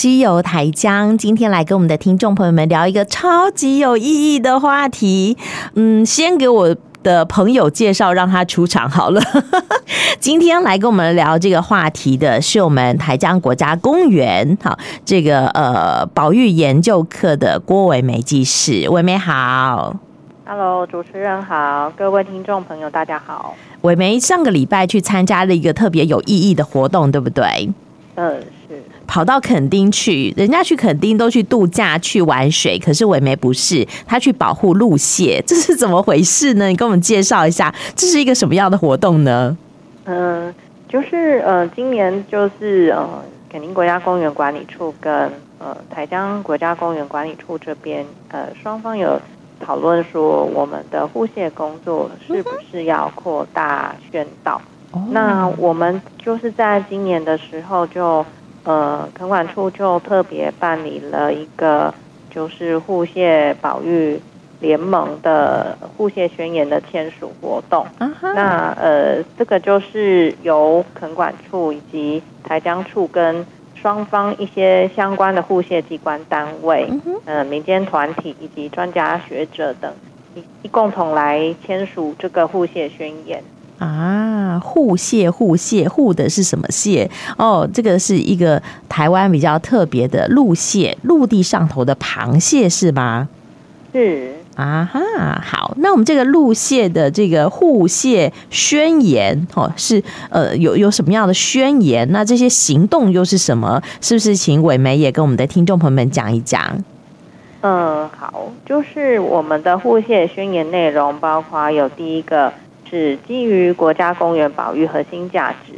嬉遊台江，今天來跟我們的聽眾朋友們聊一個超級有意義的話題。嗯，先給我的朋友介紹，讓他出場好了。 今天來跟我們聊這個話題的是我們台江國家公園，好，這個呃保育研究課的郭暐媺技士。暐媺好。Hello，主持人好，各位聽眾朋友大家好。暐媺上個禮拜去參加了一個特別有意義的活動，對不對？嗯。Yes. 跑到墾丁去，人家去墾丁都去度假、去玩水，可是暐媺不是，他去保護陸蟹，這是怎麼回事呢？你給我們介紹一下，這是一個什麼樣的活動呢？嗯、呃，就是呃，今年就是呃，墾丁國家公園管理處跟呃台江國家公園管理處這邊呃，雙方有討論說，我們的護蟹工作是不是要擴大宣導？Okay. 那我們就是在今年的時候就。呃，墾管處就特別辦理了一個，就是護蟹保育聯盟的護蟹宣言的簽署活動。Uh huh. 那呃，這個就是由墾管處以及台江處跟雙方一些相關的護蟹機關單位、uh huh. 呃、民間團體以及專家學者等，一共同來簽署這個護蟹宣言。啊、uh。Huh. 護蟹護蟹護的是什麼蟹哦？這個是一個台灣比較特別的陸蟹，陸地上頭的螃蟹是嗎？是啊哈，好，那我們這個陸蟹的這個護蟹宣言哦，是呃，有有什麼樣的宣言？那這些行動又是什麼？是不是請暐媺也跟我們的聽眾朋友們講一講？嗯，好，就是我們的護蟹宣言內容，包括有第一個。是基於國家公園保育核心價值，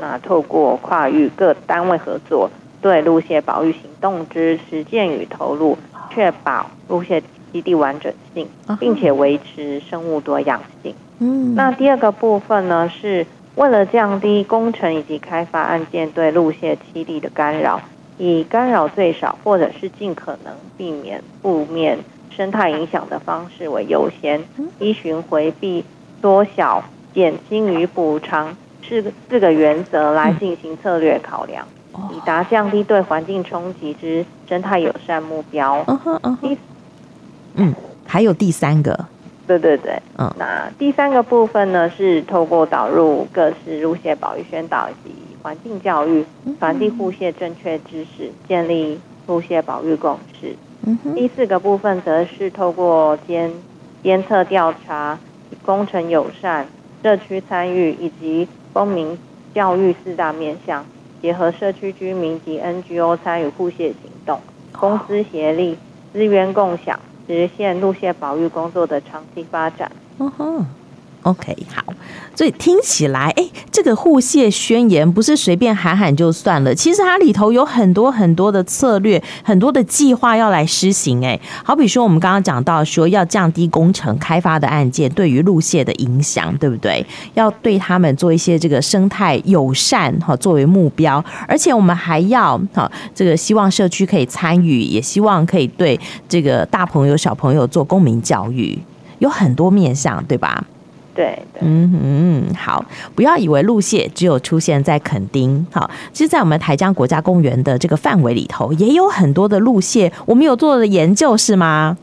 那透過跨域各單位合作，對陸蟹保育行動之實踐與投入，確保陸蟹基地完整性，並且維持生物多樣性。嗯，那第二個部分呢，是為了降低工程以及開發案件對陸蟹基地的干擾，以干擾最少或者是盡可能避免負面生態影響的方式為優先，依循回避，縮小、減輕與補償是四個原則來進行策略考量，嗯、以達降低對環境衝擊之生態友善目標。嗯，還有第三個，對對對，嗯，oh. 那第三個部分呢，是透過導入各式陸蟹保育宣導以及環境教育，傳遞護蟹正確知識，建立陸蟹保育共識。嗯、哼第四個部分則是透過監監測調查。工程友善、社區參與以及公民教育四大面向，結合社區居民及 NGO 參與護蟹行動，公私協力、資源共享，實現陸蟹保育工作的長期發展。Uh huh. OK，好，所以聽起來，哎，這個護蟹宣言不是隨便喊喊就算了，其實它裡頭有很多很多的策略，很多的計劃要來施行，哎，好比說我們剛剛講到說要降低工程開發的案件對於路殺的影響，對不對？要對他們做一些這個生態友善哈作為目標，而且我們還要哈這個希望社區可以參與，也希望可以對這個大朋友小朋友做公民教育，有很多面向，對吧？對，對嗯哼、嗯，好，不要以為陸蟹只有出現在墾丁，好，其實，在我們台江國家公園的這個範圍裡頭，也有很多的陸蟹，我們有做的研究是嗎？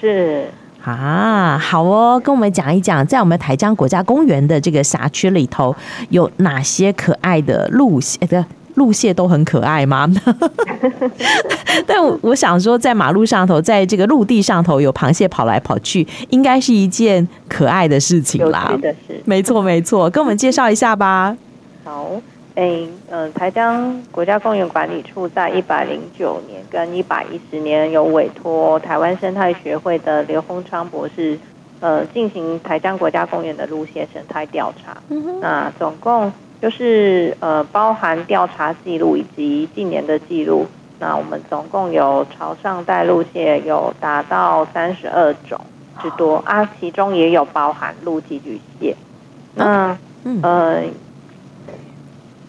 是啊。好哦，跟我們講一講，在我們台江國家公園的這個轄區裡頭，有哪些可愛的陸蟹的。哎，對陸蟹都很可愛嗎？ 但我，我想說，在馬路上頭，在這個陸地上頭，有螃蟹跑來跑去，應該是一件可愛的事情啦。有趣的事，沒錯沒錯，跟我們介紹一下吧。好，哎、欸呃，台江國家公園管理處在一百零九年跟一百一十年有委托台灣生態學會的劉烘昌博士，呃，進行台江國家公園的陸蟹生態調查。嗯哼，那總共。就是呃，包含調查記錄以及近年的記錄，那我們總共有潮上帶陸蟹有達到三十二種之多啊，其中也有包含陸寄居蟹。那、okay. 嗯，呃、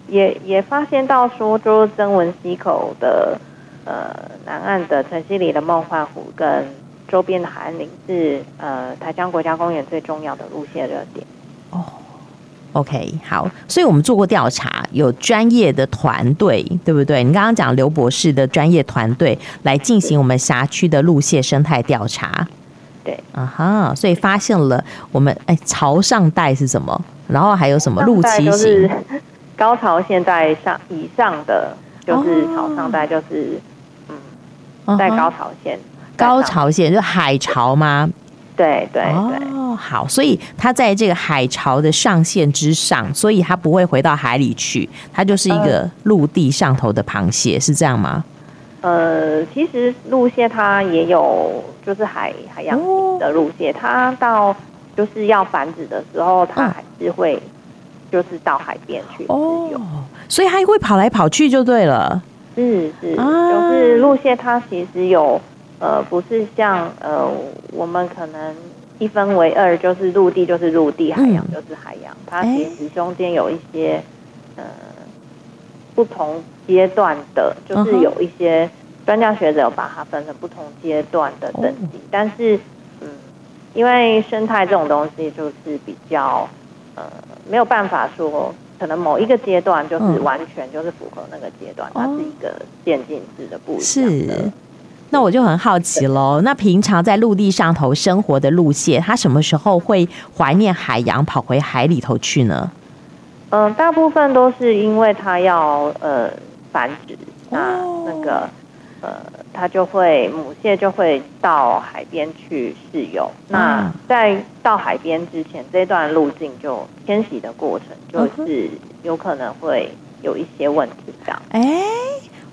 也也發現到說，就曾文溪口的呃南岸的城西里的夢幻湖跟周邊的海岸林是呃台江國家公園最重要的陸蟹熱點。哦。Oh. OK，好，所以我們做過調查，有專業的團隊，對不對？你剛剛講劉博士的專業團隊來進行我們轄區的陸蟹生態調查，對，啊哈、uh，huh, 所以發現了我們哎潮上帶是什麼，然後還有什麼？陸蟹都是高潮線在上以上的，就是潮上帶，就是、uh huh、嗯，在高，高潮線，高潮線就海潮嗎？對對對，對對哦，好，所以它在這個海潮的上限之上，所以它不會回到海裡去，它就是一個陸地上頭的螃蟹，呃、是這樣嗎？呃，其實陸蟹它也有，就是海海洋的陸蟹，哦、它到就是要繁殖的時候，它還是會就是到海邊去哦，有所以它會跑來跑去就對了。是是，是啊、就是陸蟹它其實有。呃，不是像呃，我們可能一分為二，就是陸地就是陸地，海洋就是海洋。嗯、它其實其中間有一些、嗯、呃不同階段的，就是有一些專家學者有把它分成不同階段的等級。哦、但是嗯，因為生態這種東西就是比較呃沒有辦法說，可能某一個階段就是完全就是符合那個階段，嗯、它是一個漸進式的不一樣的。是。那我就很好奇嘍。那平常在陸地上頭生活的陸蟹，它什麼時候會懷念海洋，跑回海裡頭去呢？嗯、呃，大部分都是因為它要呃繁殖，那那個呃，它就會母蟹就會到海邊去釋幼。嗯、那在到海邊之前，這段路徑就遷徙的過程，就是有可能會有一些問題這樣。哎。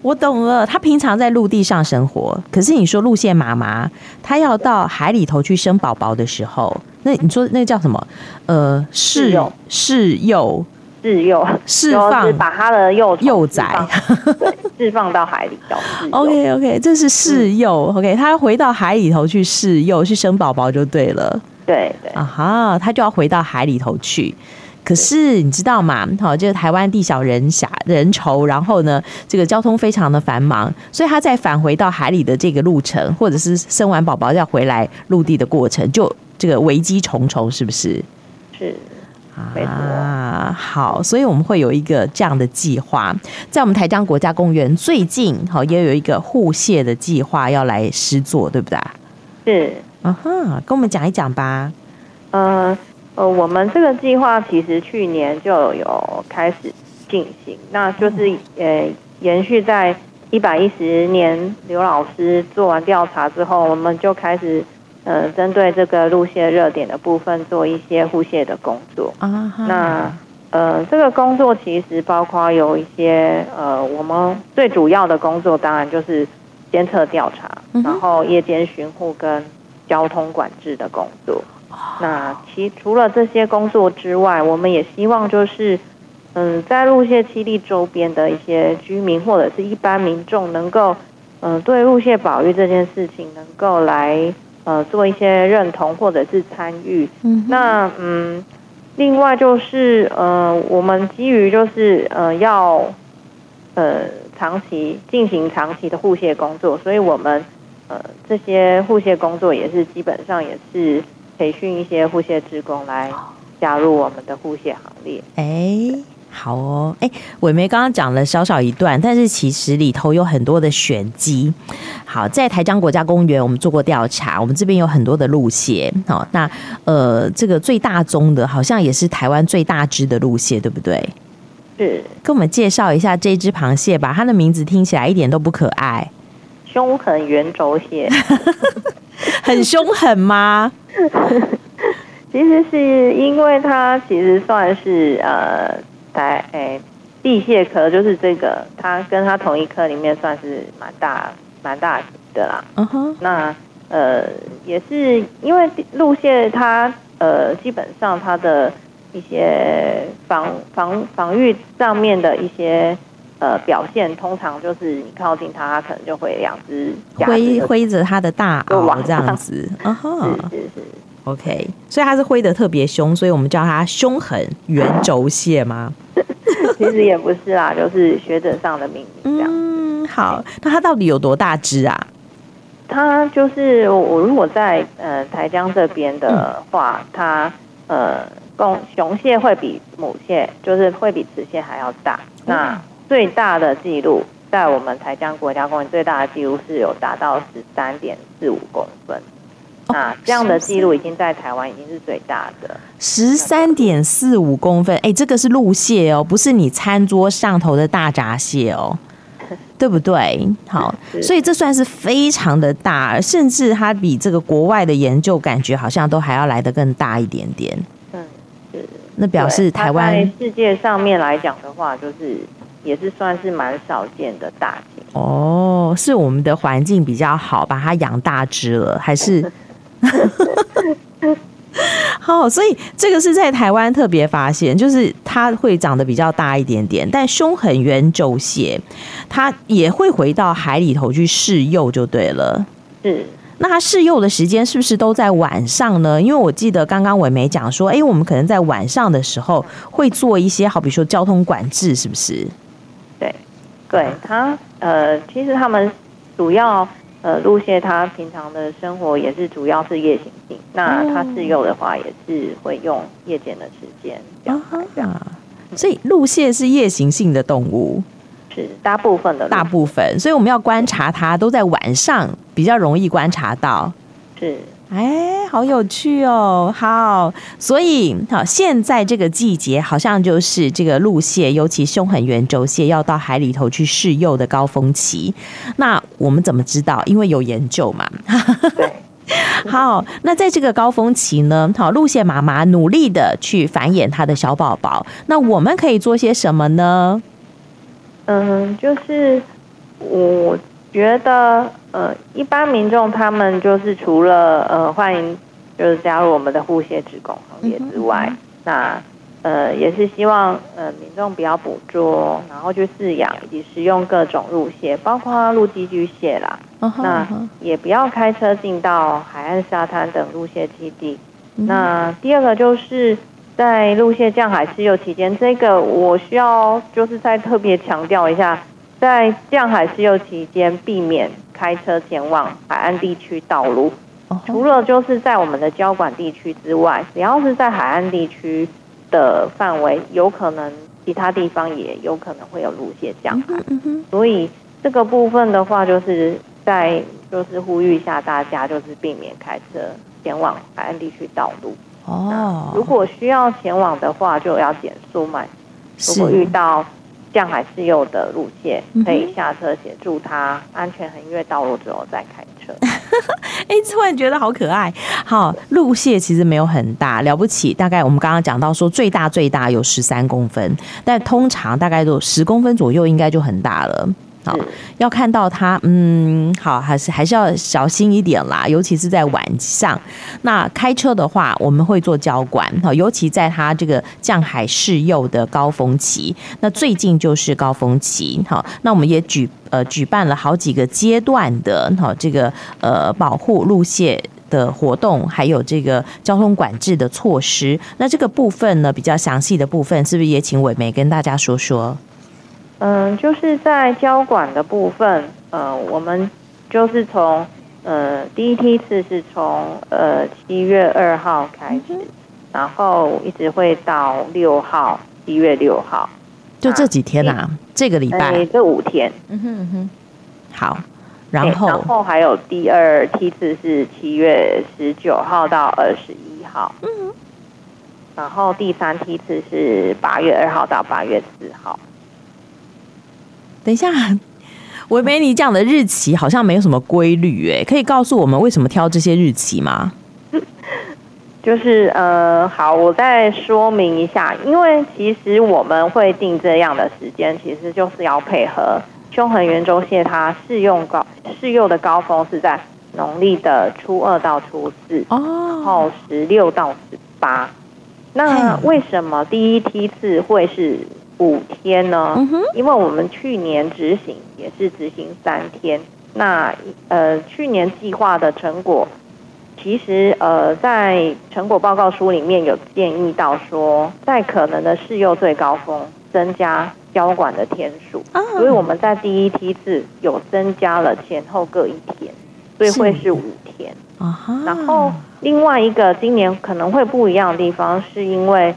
我懂了，它平常在陸地上生活，可是你說陸蟹媽媽，它要到海裡頭去生寶寶的時候，那你說那個、叫什麼？呃，釋釋幼，釋幼，釋放把它的幼幼崽宰釋 放到海裡頭。OK，OK，、okay, okay, 這是釋幼。是 OK，他要回到海裡頭去釋幼，去生寶寶就對了。對，對，對，對、uh，啊哈，他就要回到海裡頭去。可是你知道嗎？好，就是台灣地小人狹人稠，然後呢，這個交通非常的繁忙，所以他再返回到海裡的這個路程，或者是生完寶寶要回來陸地的過程，就這個危機重重，是不是？是啊，好，所以我們會有一個這樣的計劃，在我們台江國家公園最近，好也有一個護蟹的計劃要來施作，對不對？是，嗯哼、啊，跟我們講一講吧，嗯。呃，我們這個計劃其實去年就有開始進行，那就是呃，延續在一百一十年劉老師做完調查之後，我們就開始呃針對這個陸蟹熱點的部分做一些護蟹的工作啊。Uh huh. 那呃，這個工作其實包括有一些呃，我們最主要的工作當然就是監測調查，uh huh. 然後夜間巡護跟交通管制的工作。那其，除了這些工作之外，我們也希望就是，嗯，在陸蟹棲地周邊的一些居民或者是一般民眾，能夠，嗯，對陸蟹保育這件事情能夠來呃做一些認同或者是參與。嗯哼，那嗯，另外就是呃，我們基於就是呃要，呃，長期進行長期的護蟹工作，所以我們呃這些護蟹工作也是基本上也是。培訓一些護蟹志工，來加入我們的護蟹行列。哎、欸，好哦，哎、欸，暐媺剛剛講了小小一段，但是其實裡頭有很多的玄機。好，在台江國家公園，我們做過調查，我們這邊有很多的陸蟹。好、哦，那呃，這個最大宗的，好像也是台灣最大只的陸蟹，對不對？是，跟我們介紹一下這只螃蟹吧。它的名字聽起來一點都不可愛。凶狠圓軸蟹，很凶狠嗎？ 其實是因為它其實算是呃在誒、欸，地蟹科就是這個，它跟它同一科裡面算是蠻大蠻大的啦。Uh huh. 那呃也是因為陸蟹它呃基本上它的一些防防防禦上面的一些。呃，表現通常就是你靠近它，它可能就會兩只揮揮着它的大螯這樣子，哇 uh huh. 是是是，OK。所以它是揮得特別凶，所以我們叫它凶狠圓軸蟹嗎？ 其實也不是啦， 就是學者上的命名這樣。嗯，好，那它到底有多大只啊？它就是我如果在呃台江這邊的話，它呃公雄蟹會比母蟹，就是會比雌蟹還要大。嗯、那最大的記錄，在我們台江國家公園最大的記錄是有達到十三點四五公分，哦、是是那這樣的記錄已經在台灣已經是最大的十三點四五公分。哎、欸，這個是陸蟹哦、喔，不是你餐桌上頭的大閘蟹哦、喔， 對不對？好，是所以這算是非常的大，甚至它比這個國外的研究感覺好像都還要來得更大一點點。嗯，那表示台灣對世界上面來講的話，就是。也是算是蠻少見的大型哦，是我們的環境比較好，把它養大只了，還是？ 好，所以這個是在台灣特別發現，就是它會長得比較大一點點，但兇狠圓軸蟹，它也會回到海裡頭去釋幼，就對了。是。那它釋幼的時間是不是都在晚上呢？因為我記得剛剛暐媺講說，哎、欸，我們可能在晚上的時候會做一些，好比說交通管制，是不是？對它，呃，其實它們主要，呃，陸蟹它平常的生活也是主要是夜行性。嗯，那它自幼的話，也是會用夜間的時間這樣。啊、哦哈，樣所以陸蟹是夜行性的動物，是大部分的大部分。所以我們要觀察它，都在晚上比較容易觀察到。是。哎，好有趣哦！好，所以好，現在這個季節好像就是這個陸蟹，尤其兇狠圓軸蟹要到海裡頭去釋幼的高峰期。那我們怎麼知道？因為有研究嘛。 好，那在這個高峰期呢，好，陸蟹媽媽努力的去繁衍它的小寶寶。那我們可以做些什麼呢？嗯，就是我覺得。呃，一般民眾他們就是除了呃歡迎就是加入我們的護蟹志工行列之外，嗯、哼那呃也是希望呃民眾不要捕捉，然後去飼養以及食用各種陸蟹，包括陸寄居蟹啦。嗯、哼那、嗯、哼也不要開車進到海岸沙灘等陸蟹棲地。嗯、哼那第二個就是在陸蟹降海釋幼期間，這個我需要就是再特別強調一下。在降海釋幼期間，避免開車前往海岸地區道路。除了就是在我們的交管地區之外，只要是在海岸地區的範圍，有可能其他地方也有可能會有陸蟹降海。所以這個部分的話，就是在就是呼籲一下大家，就是避免開車前往海岸地區道路。哦，如果需要前往的話，就要減速慢行，如果遇到。降海釋幼的陸蟹，可以下車協助他安全橫越道路之後再開車。哎，突然覺得好可愛。好，陸蟹其實沒有很大了不起，大概我們剛剛講到說最大最大有十三公分，但通常大概都十公分左右應該就很大了。好，要看到他，嗯，好，還是還是要小心一點啦，尤其是在晚上。那開車的話，我們會做交管，好，尤其在他這個降海釋幼的高峰期，那最近就是高峰期，好，那我們也舉呃舉辦了好幾個階段的，好，這個呃保護陸蟹的活動，還有這個交通管制的措施。那這個部分呢，比較詳細的部分，是不是也請暐媺跟大家說說？嗯，就是在交管的部分，呃，我們就是從呃第一梯次是從呃七月二號開始，嗯哼，然後一直會到六號，七月六號，就這幾天吶、啊，啊、這個禮拜，哎呃、這五天，嗯哼嗯哼，好，然後、哎、然後還有第二梯次是七月十九號到二十一號，嗯哼，然後第三梯次是八月二號到八月四號。等一下，我以為你講的日期好像沒有什麼規律誒、欸，可以告訴我們為什麼挑這些日期嗎？就是呃，好，我再說明一下，因為其實我們會定這樣的時間，其實就是要配合凶狠圓軸蟹它釋幼高釋幼的高峰是在農曆的初二到初四哦，然後十六到十八。那為什麼第一梯次會是？五天呢？Uh huh. 因為我們去年執行也是執行三天，那呃去年計劃的成果，其實呃在成果報告書裡面有建議到說，在可能的釋幼最高峰增加交管的天數，uh huh. 所以我們在第一梯次有增加了前後各一天，所以會是五天。uh huh. 然後另外一個今年可能會不一樣的地方，是因為。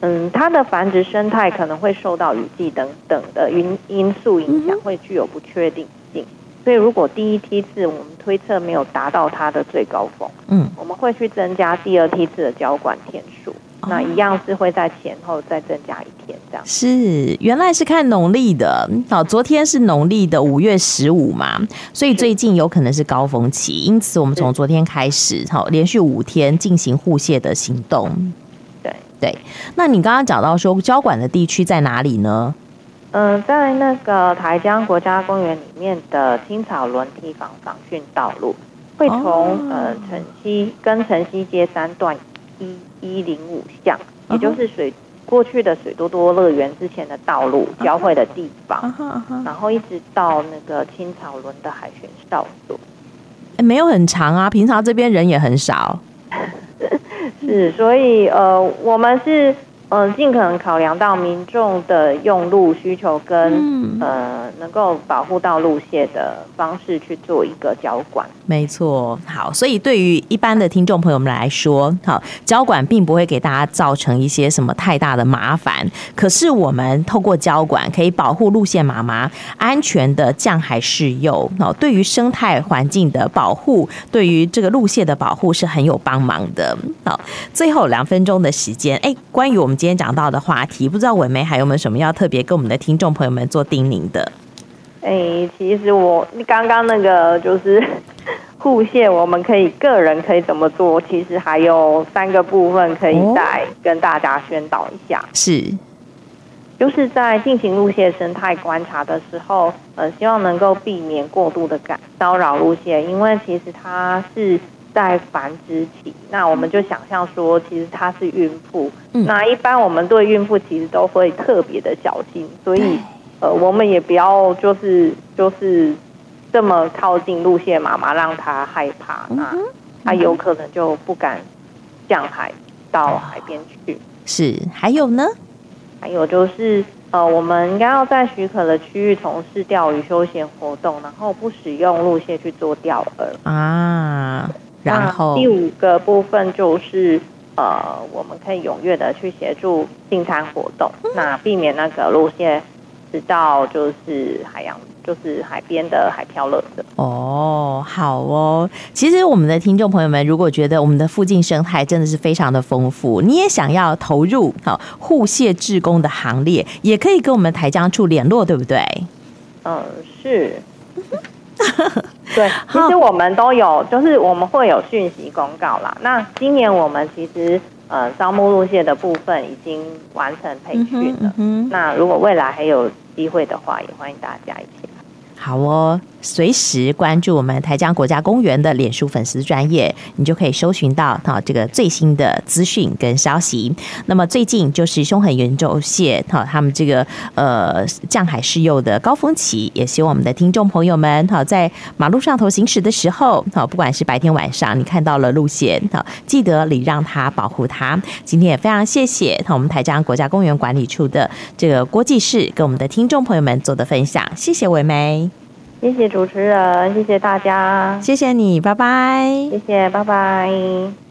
嗯，它的繁殖生態可能會受到雨季等等的因因素影響，嗯、哼會具有不確定性。所以如果第一梯次我們推測沒有達到它的最高峰，嗯，我們會去增加第二梯次的交管天數。哦、那一樣是會在前後再增加一天，這樣。是，原來是看農曆的。好，昨天是農曆的五月十五嘛，所以最近有可能是高峰期，是因此我們從昨天開始，好是，連續五天進行護蟹的行動。對，那你剛剛講到說，交管的地區在哪裡呢？嗯、呃，在那個台江國家公園裡面的青草崙堤防防汛道路，會從、oh. 呃城西跟城西街三段一一零五巷，也就是水、uh huh. 過去的水多多樂園之前的道路、uh huh. 交匯的地方，uh huh. uh huh. 然後一直到那個青草崙的海巡哨所。沒有很長啊，平常這邊人也很少。 是，所以呃，我們是。嗯，盡可能考量到民眾的用路需求跟、嗯、呃，能夠保護到陸蟹的方式去做一個交管，沒錯。好，所以對於一般的聽眾朋友們來說，好，交管並不會給大家造成一些什麼太大的麻煩。可是我們透過交管可以保護陸蟹，媽媽安全的降海釋幼。哦，對於生態環境的保護，對於這個陸蟹的保護是很有幫忙的。好，最後兩分鐘的時間，哎，關於我們。今天講到的話題，不知道暐媺還有沒有什麼要特別跟我們的聽眾朋友們做叮嚀的？哎、欸，其實我剛剛那個就是護蟹，我們可以個人可以怎麼做？其實還有三個部分可以再跟大家宣導一下。是、哦，就是在進行陸蟹生態觀察的時候，呃，希望能夠避免過度的干騷擾陸蟹，因為其實它是。在繁殖期，那我們就想象說，其實它是孕婦。嗯。那一般我們對孕婦其實都會特別的小心，所以，呃，我們也不要就是就是這麼靠近陸蟹媽媽，讓她害怕，那她有可能就不敢降海到海邊去。是，還有呢？還有就是，呃，我們應該要在許可的區域從事釣魚休閒活動，然後不使用陸蟹去做釣餌啊。然後第五個部分就是，呃，我們可以踴躍的去協助淨灘活動，嗯、那避免那個路線，直到就是海洋，就是海邊的海漂垃圾。哦，好哦。其實我們的聽眾朋友們，如果覺得我們的附近生態真的是非常的豐富，你也想要投入好、哦、護蟹志工的行列，也可以跟我們台江處聯絡，對不對？嗯，是。 對，其實我們都有，好就是我們會有訊息公告啦。那今年我們其實，呃，招募路線的部分已經完成培訓了。嗯嗯，那如果未來還有機會的話，也歡迎大家一起來。好哦。隨時關注我們台江國家公園的臉書粉絲專頁，你就可以搜尋到哈，這個最新的資訊跟消息。那麼最近就是兇狠圓軸蟹哈，他們這個呃降海釋幼的高峰期，也希望我們的聽眾朋友們哈，在馬路上頭行駛的時候，哈，不管是白天晚上，你看到了陸蟹哈，記得禮讓他，保護他。今天也非常謝謝我們台江國家公園管理處的這個郭技士，跟我們的聽眾朋友們做的分享，謝謝暐媺。謝謝主持人，謝謝大家。謝謝你，拜拜。謝謝，拜拜。